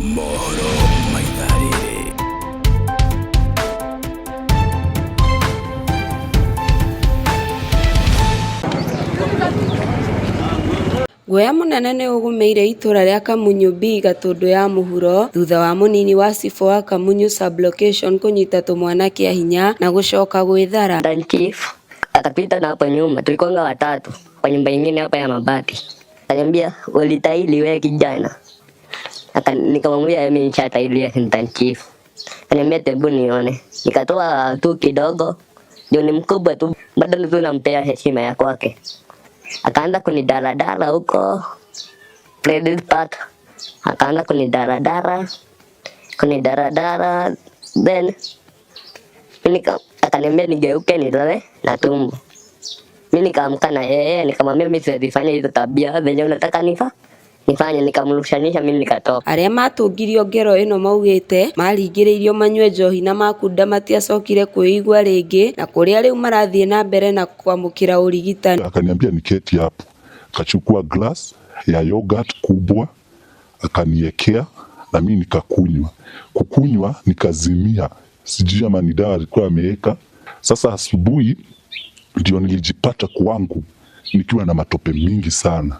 Moro Maidarire. guoya munene nĩ ũgũmĩire itũra rĩa Kamunyu B Gatũndũ ya muhuro thutha wa mũnini wa cibũ wa Kamunyu sublocation location kũnyita tũmwana hinya na gũcoka gwĩthara. Dan Chief akapita na hapo nyuma, tulikonga watatu kwa nyumba ingine hapa ya mabati, akaniambia ulitahili wewe kijana nikamwambia mimi nishasaidia Santa Chifu, kaniambia tebu nione, nikatoa tu kidogo ndio ni mkubwa tu bado nilikuwa nampea heshima ya kwake. Akaanza kunidaradara huko Credit part, akaanza kunidaradara kunidaradara, then nika akaniambia nigeuke nilale na tumbo. Mimi nikaamka na yeye nikamwambia, mimi siwezi fanya hizo tabia zenye unataka nifa nifanye nikamrushanisha mimi nikatoka. Aria matungirio ngero ino maugite maringiriirio manywe njohi na makunda matiacokire kuigwa ringi na kuria riu marathie na mbere na kwamukira urigitani. Akaniambia niketi hapo, kachukua glass ya yogurt kubwa akaniekea na mimi nikakunywa. Kukunywa nikazimia, sijui ama ni dawa alikuwa ameweka. Sasa asubuhi ndio nilijipata kwangu nikiwa na matope mingi sana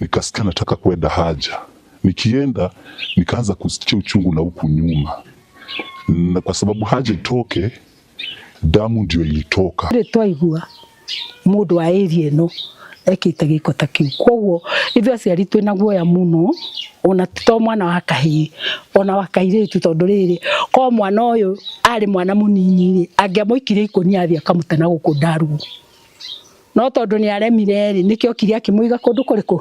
nikasikia nataka kwenda haja. Nikienda nikaanza kusikia uchungu na huku nyuma, na kwa sababu haja itoke, damu ndio ilitoka. Ile twaigua mundu wa area no ekite giko ta kiu koguo ithu aciari twina guoya muno ona to mwana wa kahii ona wa kairitu tondu riri ko mwana uyu ari mwana munini ri angiamuikire ikonia athia kamutena guku ndaruo no tondu ni aremire ri nikio kiria akimuiga kundu kuriku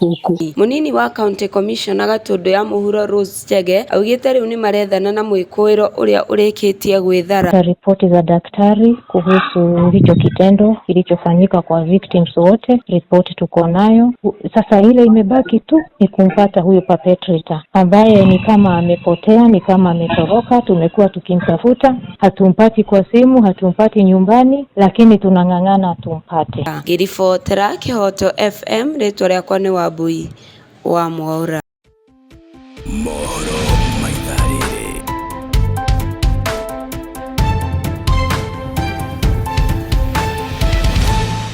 guku munini wa county commissioner gatundu ya muhuro Rose Chege augite riu ni marethana na mwikuiro uria urikitie gwithara ripoti za daktari kuhusu hicho kitendo kilichofanyika kwa victims wote ripoti tuko nayo sasa ile imebaki tu ni kumpata huyo perpetrator ambaye ni kama amepotea ni kama ametoroka tumekuwa tukimtafuta hatumpati kwa simu hatumpati nyumbani lakini tunang'ang'ana tumpate ngiribotera kihoto FM ritwa riakwa ni wa Moabi wa Mwaora.